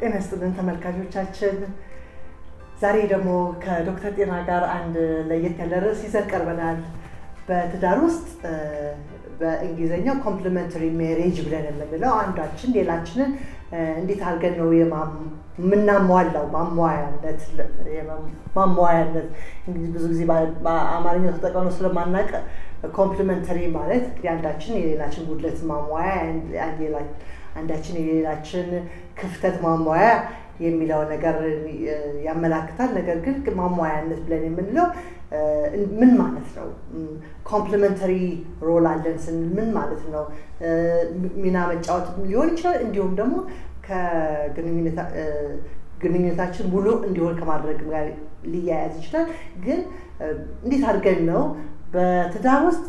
ጤና ይስጥልን ተመልካቾቻችን። ዛሬ ደግሞ ከዶክተር ጤና ጋር አንድ ለየት ያለ ርዕስ ይዘን ቀርበናል። በትዳር ውስጥ በእንግሊዝኛው ኮምፕሊመንተሪ ሜሬጅ ብለን የምንለው አንዳችን ሌላችንን እንዴት አድርገን ነው የምናሟላው? ማሟያነት ማሟያነት እንግዲህ ብዙ ጊዜ በአማርኛ ተጠቀመው ስለማናውቅ ኮምፕሊመንተሪ ማለት አንዳችን የሌላችን ጉድለት ማሟያ፣ አንዳችን የሌላችን ክፍተት ማሟያ የሚለው ነገር ያመላክታል። ነገር ግን ማሟያነት ብለን የምንለው ምን ማለት ነው? ኮምፕሊመንተሪ ሮል አለን ስንል ምን ማለት ነው? ሚና መጫወት ሊሆን ይችላል። እንዲሁም ደግሞ ከግንኙነታችን ሙሉ እንዲሆን ከማድረግ ጋር ሊያያዝ ይችላል። ግን እንዴት አድርገን ነው በትዳር ውስጥ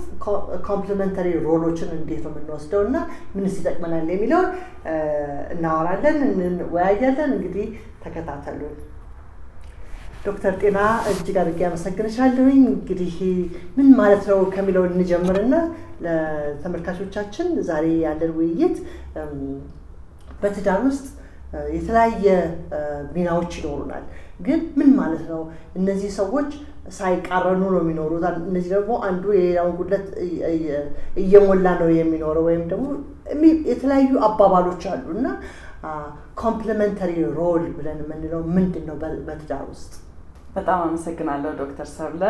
ኮምፕሊመንተሪ ሮሎችን እንዴት ነው የምንወስደው እና ምንስ ይጠቅመናል የሚለውን እናወራለን፣ እንወያያለን። እንግዲህ ተከታተሉን። ዶክተር ጤና እጅግ አድርጌ አመሰግንሻለሁኝ። እንግዲህ ምን ማለት ነው ከሚለው እንጀምርና ለተመልካቾቻችን ዛሬ ያለን ውይይት በትዳር ውስጥ የተለያየ ሚናዎች ይኖሩናል። ግን ምን ማለት ነው እነዚህ ሰዎች ሳይቃረኑ ነው የሚኖሩት። እነዚህ ደግሞ አንዱ የሌላውን ጉድለት እየሞላ ነው የሚኖረው ወይም ደግሞ የተለያዩ አባባሎች አሉ እና ኮምፕሊመንተሪ ሮል ብለን የምንለው ምንድን ነው በትዳር ውስጥ? በጣም አመሰግናለሁ ዶክተር ሰብለ።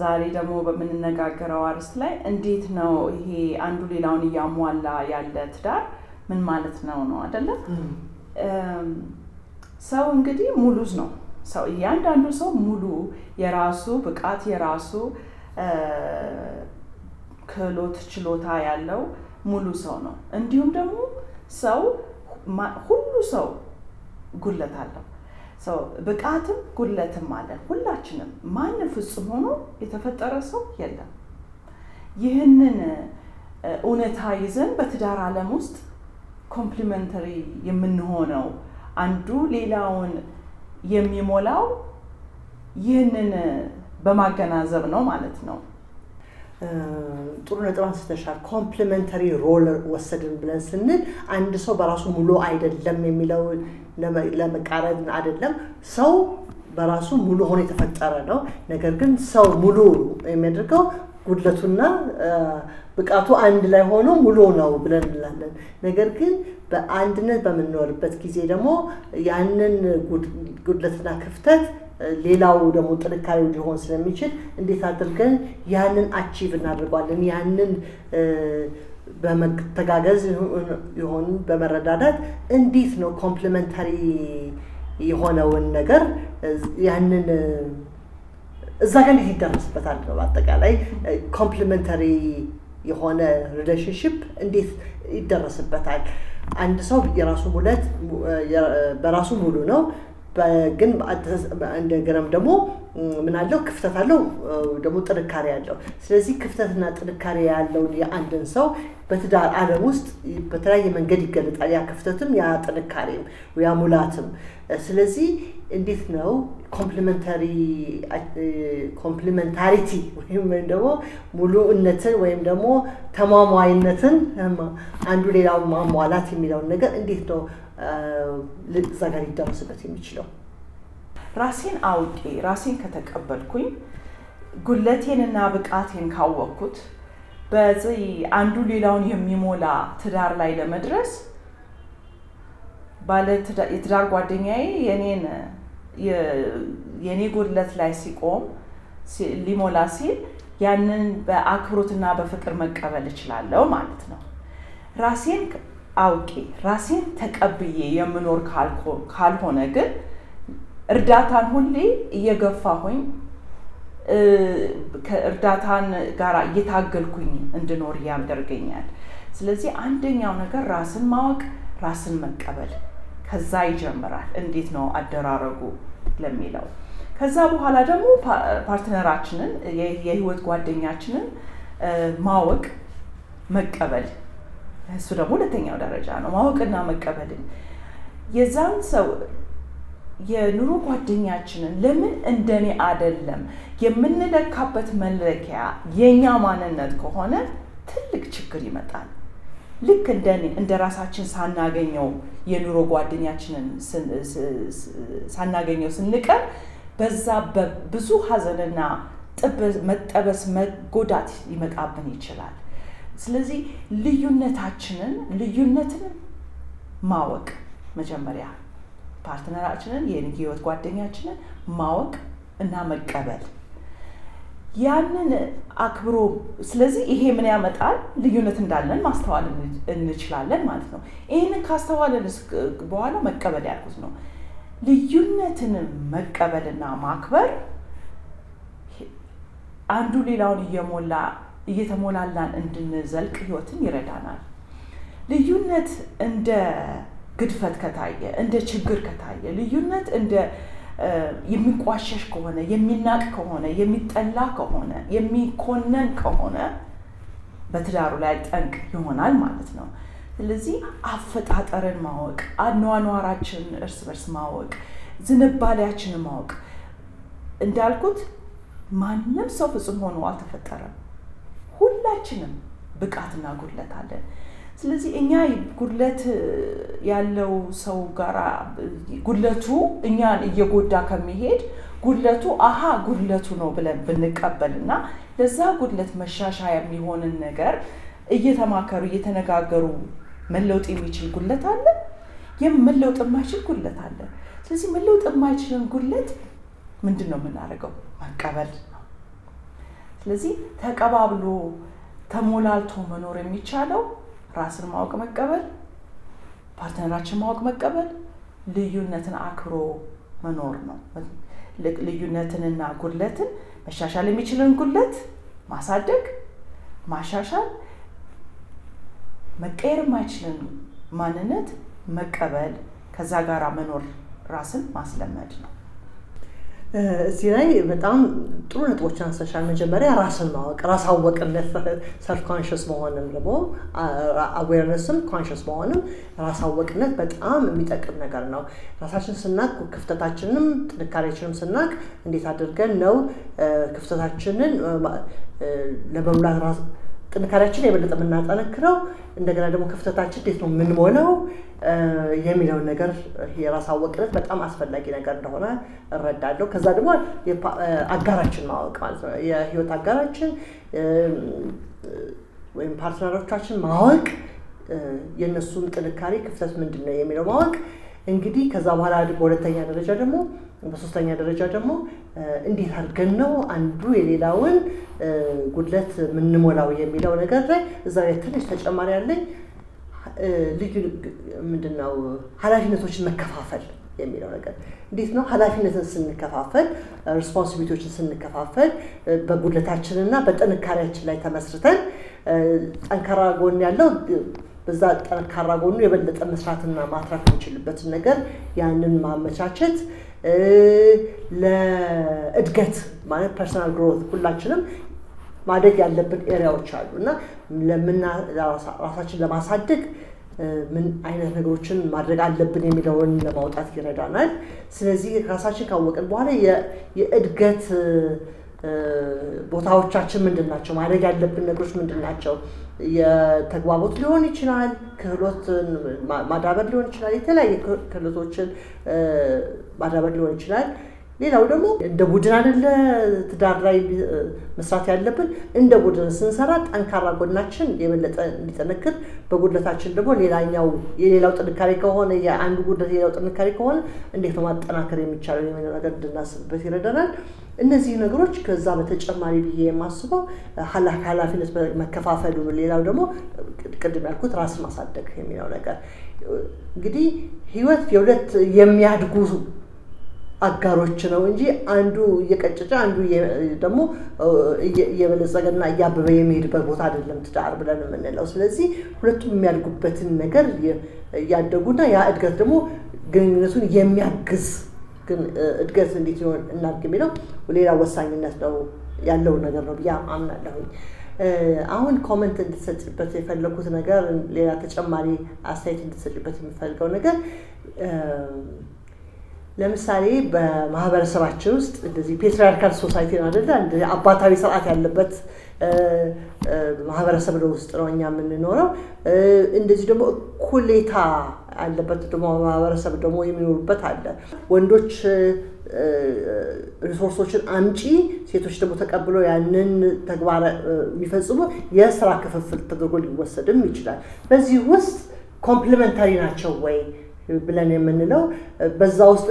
ዛሬ ደግሞ በምንነጋገረው አርዕስት ላይ እንዴት ነው ይሄ አንዱ ሌላውን እያሟላ ያለ ትዳር ምን ማለት ነው ነው አይደለም? ሰው እንግዲህ ሙሉዝ ነው። ሰው እያንዳንዱ ሰው ሙሉ የራሱ ብቃት የራሱ ክህሎት ችሎታ ያለው ሙሉ ሰው ነው። እንዲሁም ደግሞ ሰው ሁሉ ሰው ጉድለት አለው። ብቃትም ጉድለትም አለን ሁላችንም። ማንም ፍጹም ሆኖ የተፈጠረ ሰው የለም። ይህንን እውነታ ይዘን በትዳር ዓለም ውስጥ ኮምፕሊመንተሪ የምንሆነው አንዱ ሌላውን የሚሞላው ይህንን በማገናዘብ ነው ማለት ነው። ጥሩ ነጥብ አንስተሻል። ኮምፕሊመንተሪ ሮል ወሰድን ብለን ስንል አንድ ሰው በራሱ ሙሉ አይደለም የሚለው? ለመቃረን አይደለም። ሰው በራሱ ሙሉ ሆኖ የተፈጠረ ነው። ነገር ግን ሰው ሙሉ የሚያደርገው ጉድለቱና ብቃቱ አንድ ላይ ሆኖ ሙሉ ነው ብለን እንላለን። ነገር ግን በአንድነት በምንኖርበት ጊዜ ደግሞ ያንን ጉድለትና ክፍተት ሌላው ደግሞ ጥንካሬ ሊሆን ስለሚችል እንዴት አድርገን ያንን አቺቭ እናደርጓለን ያንን በመተጋገዝ ይሆን በመረዳዳት እንዴት ነው ኮምፕሊመንታሪ የሆነውን ነገር ያንን እዛ ጋር እንዴት ይደረስበታል? በአጠቃላይ ኮምፕሊመንታሪ የሆነ ሪሌሽንሽፕ እንዴት ይደረስበታል? አንድ ሰው የራሱ ሙለት በራሱ ሙሉ ነው። ግን እንደገናም ደግሞ ምን አለው ክፍተት አለው ደግሞ ጥንካሬ አለው። ስለዚህ ክፍተትና ጥንካሬ ያለውን የአንድን ሰው በትዳር አለም ውስጥ በተለያየ መንገድ ይገለጣል። ያ ክፍተትም ያ ጥንካሬም ያ ሙላትም። ስለዚህ እንዴት ነው ኮምፕሊመንታሪ ኮምፕሊመንታሪቲ ወይም ደግሞ ሙሉእነትን ወይም ደግሞ ተሟሟይነትን አንዱ ሌላው ማሟላት የሚለውን ነገር እንዴት ነው እዛ ጋር የሚችለው ራሴን አውቄ ራሴን ከተቀበልኩኝ ጉለቴንና ብቃቴን ካወቅኩት በዚህ አንዱ ሌላውን የሚሞላ ትዳር ላይ ለመድረስ ባለ የትዳር ጓደኛዬ የኔን የኔ ጉድለት ላይ ሲቆም ሊሞላ ሲል ያንን በአክብሮትና በፍቅር መቀበል እችላለሁ ማለት ነው። ራሴን አውቄ ራሴን ተቀብዬ የምኖር ካልሆነ ግን እርዳታን ሁሌ እየገፋሁኝ ከእርዳታን ጋር እየታገልኩኝ እንድኖር ያደርገኛል። ስለዚህ አንደኛው ነገር ራስን ማወቅ፣ ራስን መቀበል ከዛ ይጀምራል። እንዴት ነው አደራረጉ ለሚለው ከዛ በኋላ ደግሞ ፓርትነራችንን የህይወት ጓደኛችንን ማወቅ መቀበል እሱ ደግሞ ሁለተኛው ደረጃ ነው። ማወቅና መቀበልን የዛን ሰው የኑሮ ጓደኛችንን ለምን እንደኔ አይደለም የምንለካበት መለኪያ የእኛ ማንነት ከሆነ ትልቅ ችግር ይመጣል። ልክ እንደኔ እንደ ራሳችን ሳናገኘው የኑሮ ጓደኛችንን ሳናገኘው ስንቀር በዛ በብዙ ሀዘንና መጠበስ መጎዳት ሊመጣብን ይችላል። ስለዚህ ልዩነታችንን ልዩነትን ማወቅ መጀመሪያ ፓርትነራችንን ህይወት ጓደኛችንን ማወቅ እና መቀበል ያንን አክብሮ ስለዚህ ይሄ ምን ያመጣል? ልዩነት እንዳለን ማስተዋል እንችላለን ማለት ነው። ይህንን ካስተዋልን በኋላ መቀበል ያልኩት ነው። ልዩነትን መቀበልና ማክበር አንዱ ሌላውን እየሞላ እየተሞላላን እንድንዘልቅ ህይወትም ይረዳናል። ልዩነት እንደ ግድፈት ከታየ፣ እንደ ችግር ከታየ፣ ልዩነት እንደ የሚቋሸሽ ከሆነ፣ የሚናቅ ከሆነ፣ የሚጠላ ከሆነ፣ የሚኮነን ከሆነ በትዳሩ ላይ ጠንቅ ይሆናል ማለት ነው። ስለዚህ አፈጣጠርን ማወቅ፣ አኗኗራችንን እርስ በርስ ማወቅ፣ ዝንባሌያችንን ማወቅ እንዳልኩት ማንም ሰው ፍጹም ሆኖ አልተፈጠረም። ሁላችንም ብቃትና ጉድለት አለን። ስለዚህ እኛ ጉድለት ያለው ሰው ጋር ጉድለቱ እኛን እየጎዳ ከሚሄድ ጉድለቱ አሀ ጉድለቱ ነው ብለን ብንቀበል እና ለዛ ጉድለት መሻሻ የሚሆንን ነገር እየተማከሩ እየተነጋገሩ መለውጥ የሚችል ጉድለት አለ፣ መለውጥ የማይችል ጉድለት አለ። ስለዚህ መለውጥ የማይችልን ጉድለት ምንድን ነው የምናደርገው? መቀበል ስለዚህ ተቀባብሎ ተሞላልቶ መኖር የሚቻለው ራስን ማወቅ መቀበል፣ ፓርትነራችን ማወቅ መቀበል፣ ልዩነትን አክብሮ መኖር ነው። ልዩነትንና ጉድለትን መሻሻል የሚችልን ጉድለት ማሳደግ፣ ማሻሻል፣ መቀየር የማይችልን ማንነት መቀበል፣ ከዛ ጋር መኖር ራስን ማስለመድ ነው። እዚህ ላይ በጣም ጥሩ ነጥቦች አንስተሻል። መጀመሪያ ራስን ማወቅ፣ ራስ አወቅነት፣ ሰልፍ ኮንሽስ መሆንም ደግሞ አዌርነስም ኮንሽስ መሆንም ራስ አወቅነት በጣም የሚጠቅም ነገር ነው። ራሳችን ስናቅ ክፍተታችንም ጥንካሬችንም ስናቅ እንዴት አድርገን ነው ክፍተታችንን ለመሙላት ጥንካሬያችን የበለጠ የምናጠነክረው እንደገና ደግሞ ክፍተታችን እንዴት ነው የምንሞላው የሚለውን ነገር የራስ አወቅነት በጣም አስፈላጊ ነገር እንደሆነ እረዳለሁ። ከዛ ደግሞ አጋራችን ማወቅ ማለት ነው የህይወት አጋራችን ወይም ፓርትነሮቻችን ማወቅ የእነሱም ጥንካሬ ክፍተት ምንድን ነው የሚለው ማወቅ እንግዲህ ከዛ በኋላ በሁለተኛ ደረጃ ደግሞ በሶስተኛ ደረጃ ደግሞ እንዴት አድርገን ነው አንዱ የሌላውን ጉድለት የምንሞላው የሚለው ነገር ላይ እዛው ትንሽ ተጨማሪ ያለኝ ልዩ ምንድነው ኃላፊነቶችን መከፋፈል የሚለው ነገር እንዴት ነው ኃላፊነትን ስንከፋፈል ሪስፖንሲቢሊቲዎችን ስንከፋፈል በጉድለታችንና በጥንካሬያችን ላይ ተመስርተን ጠንካራ ጎን ያለው በዛ ጠንካራ ጎኑ የበለጠ መስራትና ማትራፍ የሚችልበትን ነገር ያንን ማመቻቸት ለእድገት ማለት ፐርሰናል ግሮት ሁላችንም ማደግ ያለብን ኤሪያዎች አሉ እና ራሳችን ለማሳደግ ምን አይነት ነገሮችን ማድረግ አለብን የሚለውን ለማውጣት ይረዳናል። ስለዚህ ራሳችን ካወቅን በኋላ የእድገት ቦታዎቻችን ምንድን ናቸው? ማድረግ ያለብን ነገሮች ምንድን ናቸው? የተግባቦት ሊሆን ይችላል፣ ክህሎትን ማዳበር ሊሆን ይችላል፣ የተለያየ ክህሎቶችን ማዳበር ሊሆን ይችላል። ሌላው ደግሞ እንደ ቡድን አይደለ ትዳር ላይ መስራት ያለብን። እንደ ቡድን ስንሰራ ጠንካራ ጎናችን የበለጠ እንዲጠነክር፣ በጉድለታችን ደግሞ ሌላኛው የሌላው ጥንካሬ ከሆነ የአንዱ ጉድለት የሌላው ጥንካሬ ከሆነ እንዴት ማጠናከር የሚቻለው የሚለው ነገር እንድናስብበት ይረዳናል። እነዚህ ነገሮች ከዛ በተጨማሪ ብዬ የማስበው ኃላፊነት መከፋፈሉ፣ ሌላው ደግሞ ቅድም ያልኩት ራስ ማሳደግ የሚለው ነገር እንግዲህ ህይወት የሁለት የሚያድጉ አጋሮች ነው እንጂ አንዱ እየቀጨጨ አንዱ ደግሞ እየበለጸገና እያበበ የሚሄድበት ቦታ አይደለም ትዳር ብለን የምንለው። ስለዚህ ሁለቱም የሚያድጉበትን ነገር እያደጉና ያ እድገት ደግሞ ግንኙነቱን የሚያግዝ ግን እድገት እንዴት ሆን እናድግ የሚለው ሌላ ወሳኝነት ነው ያለው ነገር ነው ብዬ አምናለሁኝ። አሁን ኮመንት እንድትሰጭበት የፈለኩት ነገር ሌላ ተጨማሪ አስተያየት እንድትሰጭበት የሚፈልገው ነገር ለምሳሌ በማህበረሰባችን ውስጥ እንደዚህ ፔትሪያርካል ሶሳይቲ ነው አደለ? እንደ አባታዊ ስርዓት ያለበት ማህበረሰብ ነው ውስጥ ነው እኛ የምንኖረው። እንደዚህ ደግሞ እኩሌታ ያለበት ደግሞ ማህበረሰብ ደግሞ የሚኖሩበት አለ። ወንዶች ሪሶርሶችን አምጪ፣ ሴቶች ደግሞ ተቀብለው ያንን ተግባር የሚፈጽሙ የስራ ክፍፍል ተደርጎ ሊወሰድም ይችላል። በዚህ ውስጥ ኮምፕሊመንታሪ ናቸው ወይ ብለን የምንለው በዛ ውስጥ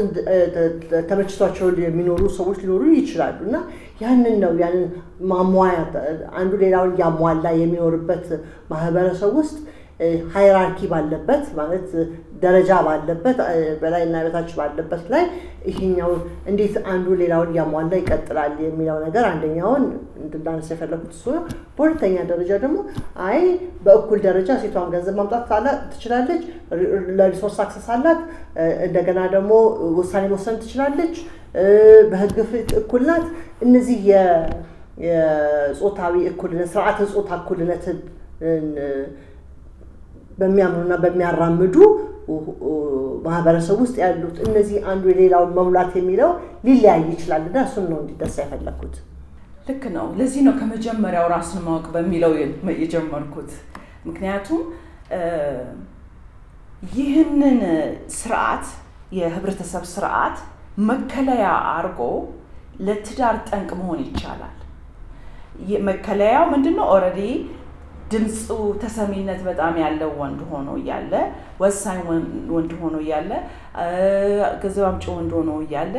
ተመችቷቸው የሚኖሩ ሰዎች ሊኖሩ ይችላሉ እና ያንን ነው ያንን ማሟያ አንዱ ሌላውን እያሟላ የሚኖርበት ማህበረሰብ ውስጥ ሃይራርኪ ባለበት ማለት ደረጃ ባለበት እና በታች ባለበት ላይ ይሄኛው እንዴት አንዱ ሌላውን እያሟላ ይቀጥላል የሚለው ነገር አንደኛውን እንድናነሳ የፈለኩት እሱ። በሁለተኛ ደረጃ ደግሞ አይ በእኩል ደረጃ ሴቷን ገንዘብ ማምጣት ትችላለች፣ ለሪሶርስ አክሰስ አላት፣ እንደገና ደግሞ ውሳኔ መወሰን ትችላለች፣ በህግ ፊት እኩል ናት። እነዚህ የጾታዊ እኩልነት ስርዓተ ጾታ እኩልነትን በሚያምሩና በሚያራምዱ ማህበረሰብ ውስጥ ያሉት እነዚህ አንዱ የሌላውን መሙላት የሚለው ሊለያይ ይችላል እና እሱን ነው እንዲደሳ የፈለግኩት። ልክ ነው። ለዚህ ነው ከመጀመሪያው ራስን ማወቅ በሚለው የጀመርኩት። ምክንያቱም ይህንን ስርዓት የህብረተሰብ ስርዓት መከለያ አድርጎ ለትዳር ጠንቅ መሆን ይቻላል። መከለያው ምንድን ነው? ኦልሬዲ ድምፁ ተሰሚነት በጣም ያለው ወንድ ሆኖ እያለ ወሳኝ ወንድ ሆኖ እያለ ገንዘብ አምጪ ወንድ ሆኖ እያለ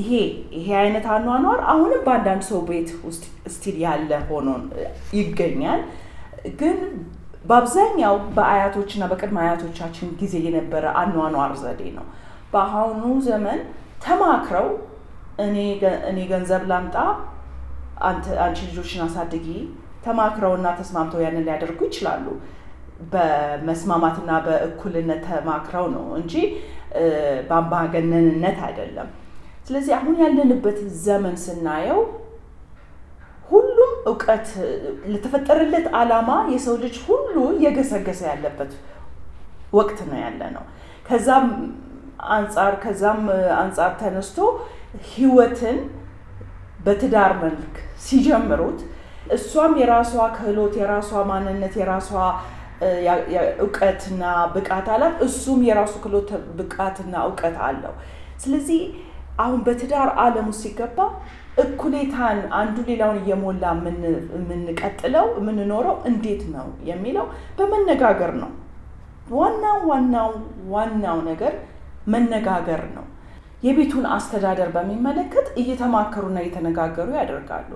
ይሄ ይሄ አይነት አኗኗር አሁንም በአንዳንድ ሰው ቤት ውስጥ ስቲል ያለ ሆኖ ይገኛል። ግን በአብዛኛው በአያቶችና በቅድመ አያቶቻችን ጊዜ የነበረ አኗኗር ዘዴ ነው። በአሁኑ ዘመን ተማክረው እኔ ገንዘብ ላምጣ፣ አንቺ ልጆችን አሳድጊ ተማክረውና ተስማምተው ያንን ሊያደርጉ ይችላሉ። በመስማማትና በእኩልነት ተማክረው ነው እንጂ በአምባገነንነት አይደለም። ስለዚህ አሁን ያለንበት ዘመን ስናየው ሁሉም እውቀት ለተፈጠረለት ዓላማ የሰው ልጅ ሁሉ እየገሰገሰ ያለበት ወቅት ነው ያለ ነው። ከዛም አንጻር ከዛም አንጻር ተነስቶ ህይወትን በትዳር መልክ ሲጀምሩት እሷም የራሷ ክህሎት፣ የራሷ ማንነት፣ የራሷ እውቀትና ብቃት አላት። እሱም የራሱ ክህሎት፣ ብቃትና እውቀት አለው። ስለዚህ አሁን በትዳር ዓለም ውስጥ ሲገባ እኩሌታን አንዱ ሌላውን እየሞላ የምንቀጥለው የምንኖረው እንዴት ነው የሚለው በመነጋገር ነው። ዋናው ዋናው ዋናው ነገር መነጋገር ነው። የቤቱን አስተዳደር በሚመለከት እየተማከሩና እየተነጋገሩ ያደርጋሉ።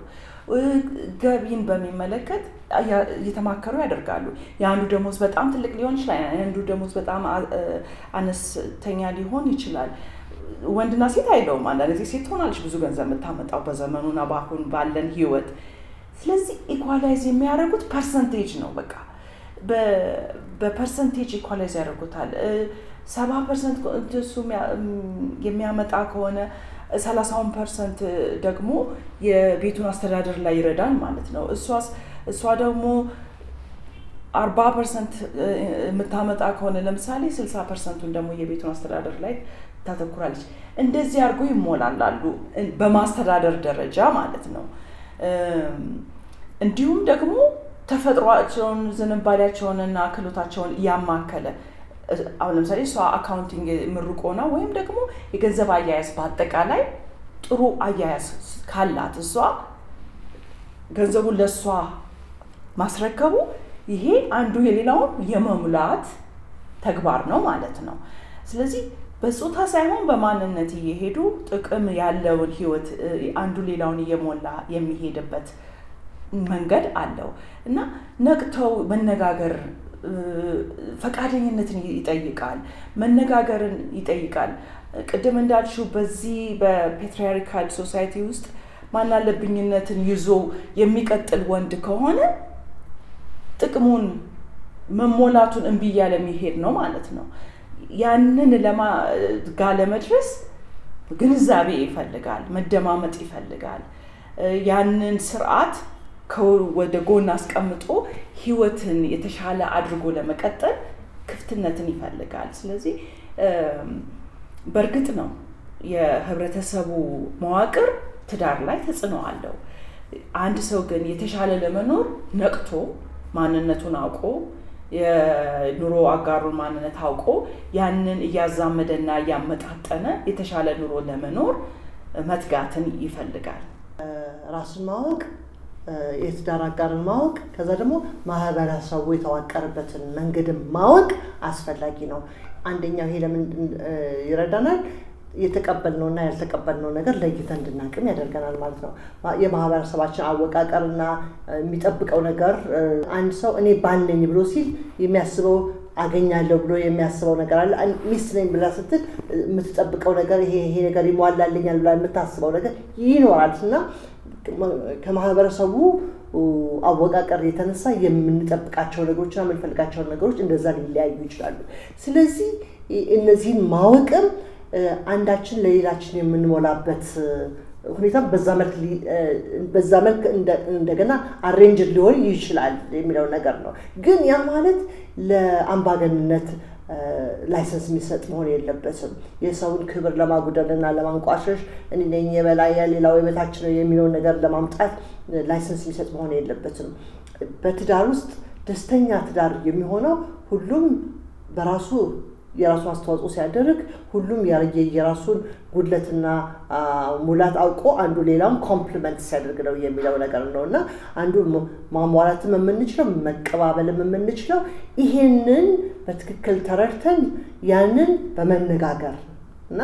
ገቢን በሚመለከት እየተማከሩ ያደርጋሉ። የአንዱ ደሞዝ በጣም ትልቅ ሊሆን ይችላል። የአንዱ ደሞዝ በጣም አነስተኛ ሊሆን ይችላል። ወንድና ሴት አይለውም። አንዳንድ ጊዜ ሴት ትሆናለች ብዙ ገንዘብ የምታመጣው በዘመኑና በአሁን ባለን ህይወት። ስለዚህ ኢኳላይዝ የሚያደርጉት ፐርሰንቴጅ ነው። በቃ በፐርሰንቴጅ ኢኳላይዝ ያደርጉታል። ሰባ ፐርሰንት እሱ የሚያመጣ ከሆነ ሰላሳውን ፐርሰንት ደግሞ የቤቱን አስተዳደር ላይ ይረዳል ማለት ነው። እሷ ደግሞ አርባ ፐርሰንት የምታመጣ ከሆነ ለምሳሌ ስልሳ ፐርሰንቱን ደግሞ የቤቱን አስተዳደር ላይ ታተኩራለች። እንደዚህ አድርጎ ይሞላላሉ በማስተዳደር ደረጃ ማለት ነው። እንዲሁም ደግሞ ተፈጥሯቸውን ዝንባሌያቸውንና ክህሎታቸውን እያማከለ አሁን ለምሳሌ እሷ አካውንቲንግ ምሩቅ ሆና ወይም ደግሞ የገንዘብ አያያዝ በአጠቃላይ ጥሩ አያያዝ ካላት እሷ ገንዘቡን ለእሷ ማስረከቡ ይሄ አንዱ የሌላውን የመሙላት ተግባር ነው ማለት ነው። ስለዚህ በጾታ ሳይሆን በማንነት እየሄዱ ጥቅም ያለውን ህይወት አንዱ ሌላውን እየሞላ የሚሄድበት መንገድ አለው እና ነቅተው መነጋገር ፈቃደኝነትን ይጠይቃል፣ መነጋገርን ይጠይቃል። ቅድም እንዳልሽው በዚህ በፔትሪያርካል ሶሳይቲ ውስጥ ማናለብኝነትን ይዞ የሚቀጥል ወንድ ከሆነ ጥቅሙን መሞላቱን እምቢ እያለ የሚሄድ ነው ማለት ነው። ያንን ጋ ለመድረስ ግንዛቤ ይፈልጋል፣ መደማመጥ ይፈልጋል። ያንን ስርዓት ወደ ጎን አስቀምጦ ህይወትን የተሻለ አድርጎ ለመቀጠል ክፍትነትን ይፈልጋል። ስለዚህ በእርግጥ ነው የህብረተሰቡ መዋቅር ትዳር ላይ ተጽዕኖ አለው። አንድ ሰው ግን የተሻለ ለመኖር ነቅቶ ማንነቱን አውቆ የኑሮ አጋሩን ማንነት አውቆ ያንን እያዛመደና እያመጣጠነ የተሻለ ኑሮ ለመኖር መትጋትን ይፈልጋል። ራሱን ማወቅ የትዳር አጋርን ማወቅ ከዛ ደግሞ ማህበረሰቡ የተዋቀረበትን መንገድን ማወቅ አስፈላጊ ነው። አንደኛው ይሄ ለምን ይረዳናል? የተቀበልነውና ያልተቀበልነው ነገር ለይተን እንድናቅም ያደርገናል ማለት ነው። የማህበረሰባችን አወቃቀርና የሚጠብቀው ነገር አንድ ሰው እኔ ባል ብሎ ሲል የሚያስበው አገኛለሁ ብሎ የሚያስበው ነገር አለ። ሚስት ነኝ ብላ ስትል የምትጠብቀው ነገር ይሄ ይሄ ነገር ይሟላልኛል ብላ የምታስበው ነገር ይኖራል እና ከማህበረሰቡ አወቃቀር የተነሳ የምንጠብቃቸው ነገሮችና የምንፈልጋቸው ነገሮች እንደዛ ሊለያዩ ይችላሉ። ስለዚህ እነዚህን ማወቅም አንዳችን ለሌላችን የምንሞላበት ሁኔታ በዛ መልክ እንደገና አሬንጅ ሊሆን ይችላል የሚለው ነገር ነው። ግን ያ ማለት ለአምባገንነት ላይሰንስ የሚሰጥ መሆን የለበትም። የሰውን ክብር ለማጉደልና ለማንቋሸሽ እኔ ነኝ የበላይ ሌላው የበታች ነው የሚለውን ነገር ለማምጣት ላይሰንስ የሚሰጥ መሆን የለበትም። በትዳር ውስጥ ደስተኛ ትዳር የሚሆነው ሁሉም በራሱ የራሱ አስተዋጽኦ ሲያደርግ ሁሉም የራሱን ጉድለትና ሙላት አውቆ አንዱ ሌላውን ኮምፕሊመንት ሲያደርግ ነው የሚለው ነገር ነው እና አንዱ ማሟላትም የምንችለው መቀባበልም የምንችለው ይሄንን በትክክል ተረድተን ያንን በመነጋገር እና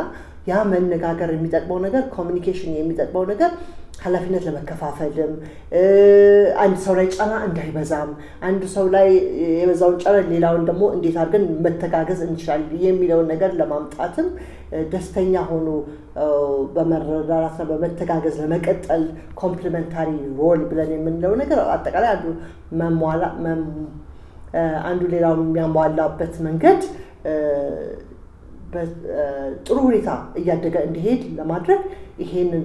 ያ መነጋገር የሚጠቅመው ነገር ኮሚኒኬሽን የሚጠቅመው ነገር ኃላፊነት ለመከፋፈልም አንድ ሰው ላይ ጫና እንዳይበዛም አንድ ሰው ላይ የበዛውን ጫና ሌላውን ደግሞ እንዴት አድርገን መተጋገዝ እንችላለን የሚለውን ነገር ለማምጣትም ደስተኛ ሆኖ በመረዳዳትና በመተጋገዝ ለመቀጠል ኮምፕሊመንታሪ ሮል ብለን የምንለው ነገር አጠቃላይ አንዱ መሟላ አንዱ ሌላውን የሚያሟላበት መንገድ ጥሩ ሁኔታ እያደገ እንዲሄድ ለማድረግ ይሄንን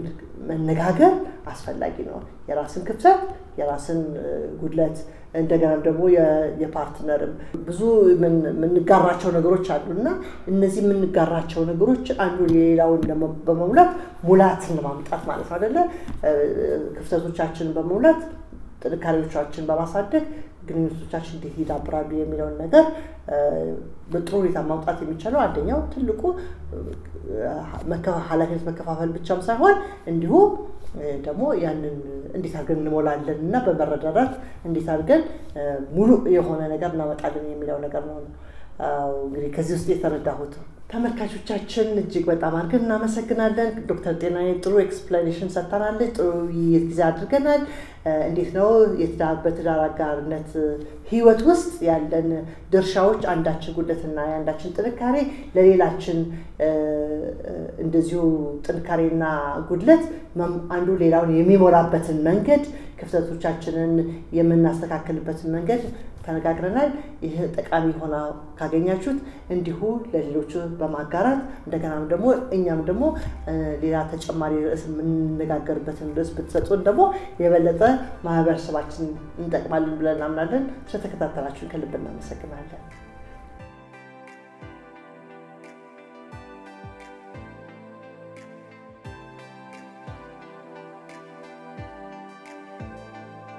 መነጋገር አስፈላጊ ነው። የራስን ክፍተት፣ የራስን ጉድለት እንደገናም ደግሞ የፓርትነርም ብዙ የምንጋራቸው ነገሮች አሉ እና እነዚህ የምንጋራቸው ነገሮች አንዱ የሌላውን በመሙላት ሙላትን ማምጣት ማለት አይደለ? ክፍተቶቻችንን በመሙላት ጥንካሬዎቻችን በማሳደግ ግንኙነቶቻችን እንዴት ይዳብራሉ የሚለውን ነገር በጥሩ ሁኔታ ማውጣት የሚቻለው አንደኛው ትልቁ ኃላፊነት መከፋፈል ብቻም ሳይሆን እንዲሁ ደግሞ ያንን እንዴት አድርገን እንሞላለን እና በመረዳዳት እንዴት አድርገን ሙሉ የሆነ ነገር እናመጣለን የሚለው ነገር ነው። እንግዲህ ከዚህ ውስጥ የተረዳሁት ተመልካቾቻችን እጅግ በጣም አድርገን እናመሰግናለን። ዶክተር ጤናዬ ጥሩ ኤክስፕላኔሽን ሰጥተናለች። ጥሩ ውይይት ጊዜ አድርገናል። እንዴት ነው በትዳር አጋርነት ህይወት ውስጥ ያለን ድርሻዎች፣ አንዳችን ጉድለትና የአንዳችን ጥንካሬ ለሌላችን እንደዚሁ ጥንካሬና ጉድለት አንዱ ሌላውን የሚሞላበትን መንገድ ክፍተቶቻችንን የምናስተካክልበትን መንገድ ተነጋግረናል። ይህ ጠቃሚ ሆና ካገኛችሁት እንዲሁ ለሌሎቹ በማጋራት እንደገናም ደግሞ እኛም ደግሞ ሌላ ተጨማሪ ርዕስ የምንነጋገርበትን ርዕስ ብትሰጡን ደግሞ የበለጠ ማህበረሰባችን እንጠቅማለን ብለን እናምናለን። ስለተከታተላችሁን ከልብ እናመሰግናለን።